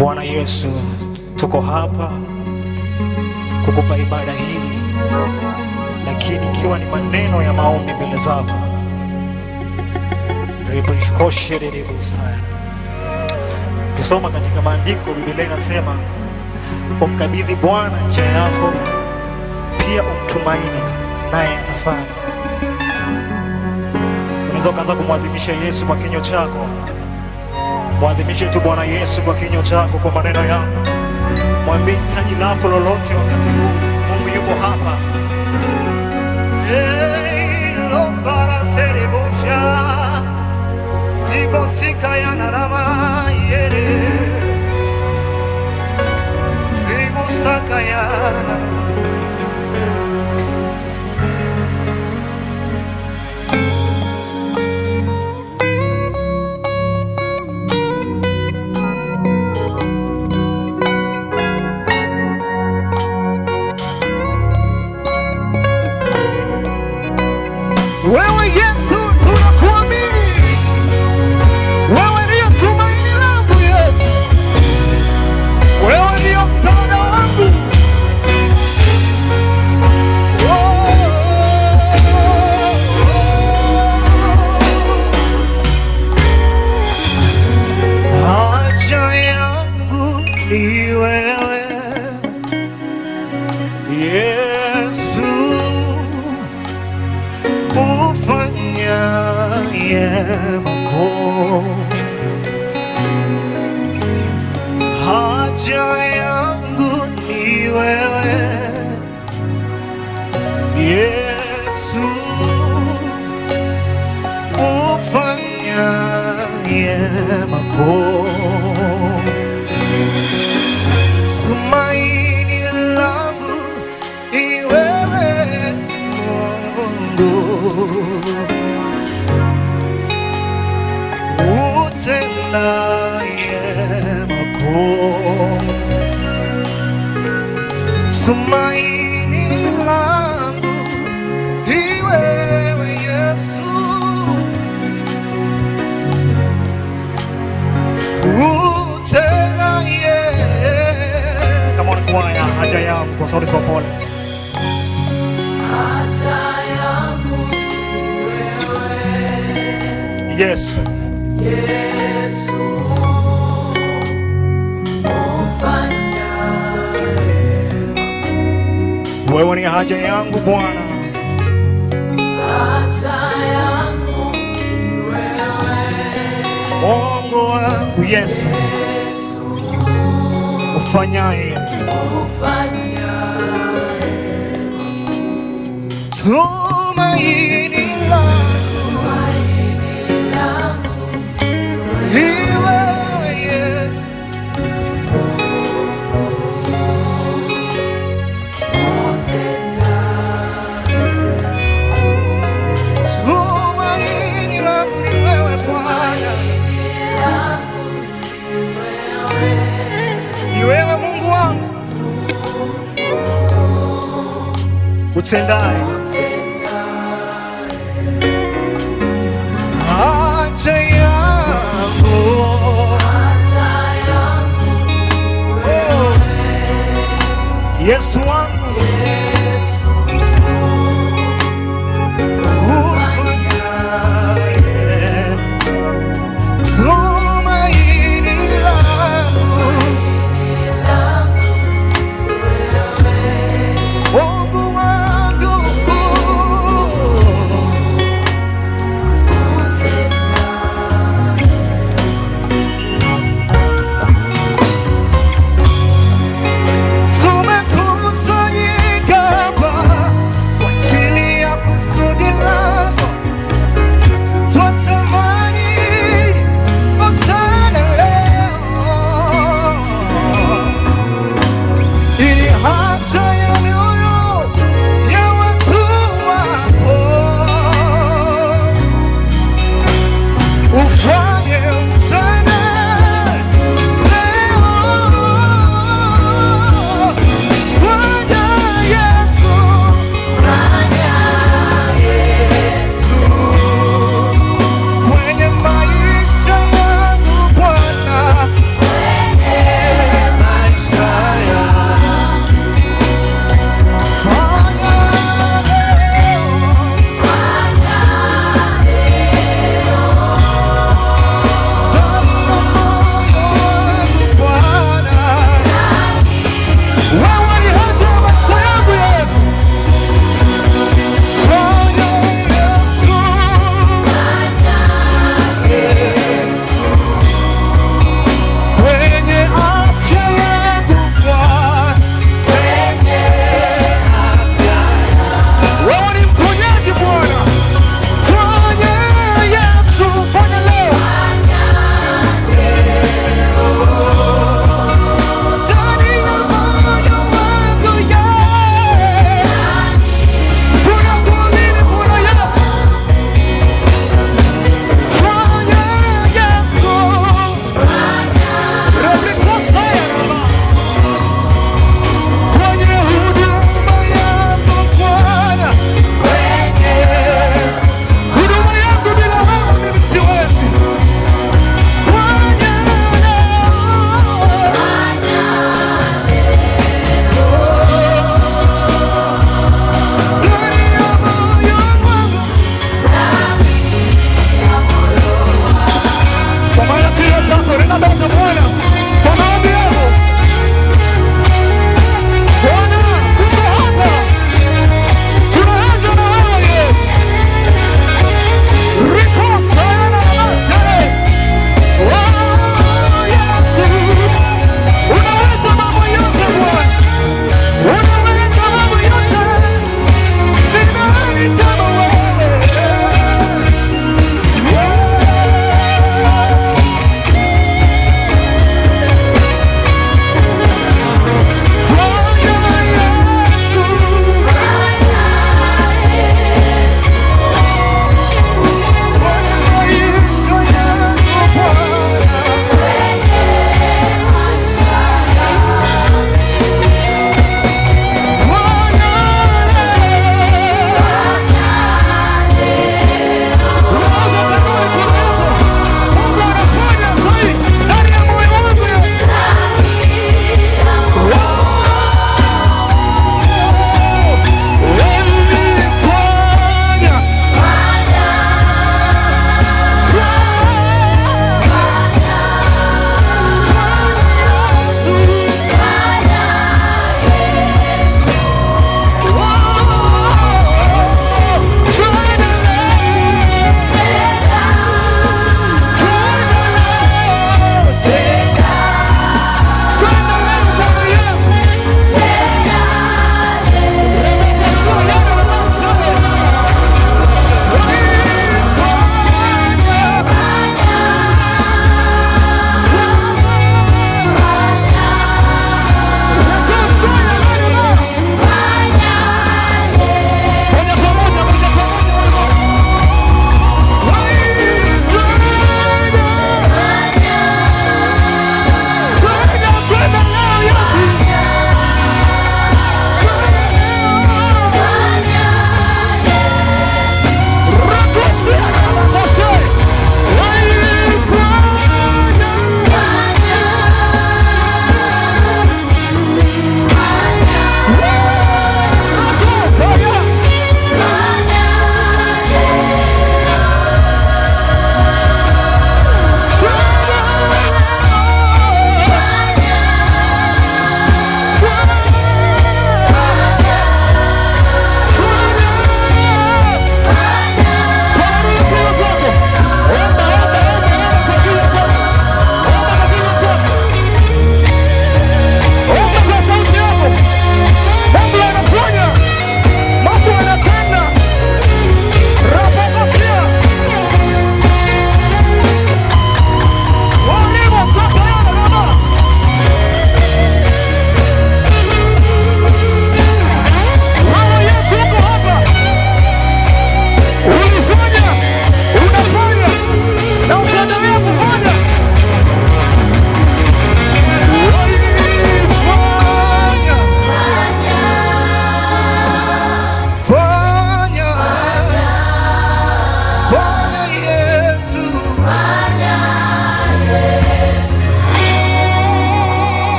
Bwana Yesu, tuko hapa kukupa ibada hii, lakini ikiwa ni maneno ya maombi mbele zako rebshkoshererebusana. Ukisoma katika maandiko, Biblia inasema umkabidhi Bwana njia yako, pia umtumaini naye atafanya. Unaweza ukaanza kumwadhimisha Yesu kwa kinywa chako. Mwadhimishe tu Bwana Yesu kwa kinywa chako, kwa maneno yako. Mwambie hitaji lako lolote wakati huu, Mungu yuko hapa. Hey, maisha yangu ni wewe Yesu, ufanyie makuu wangu kwa sauti za upole. Yesu, Yesu wewe ni haja yangu Bwana, Mungu wangu Yesu ufanyaye Su And I, Yes, one.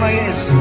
My Yesu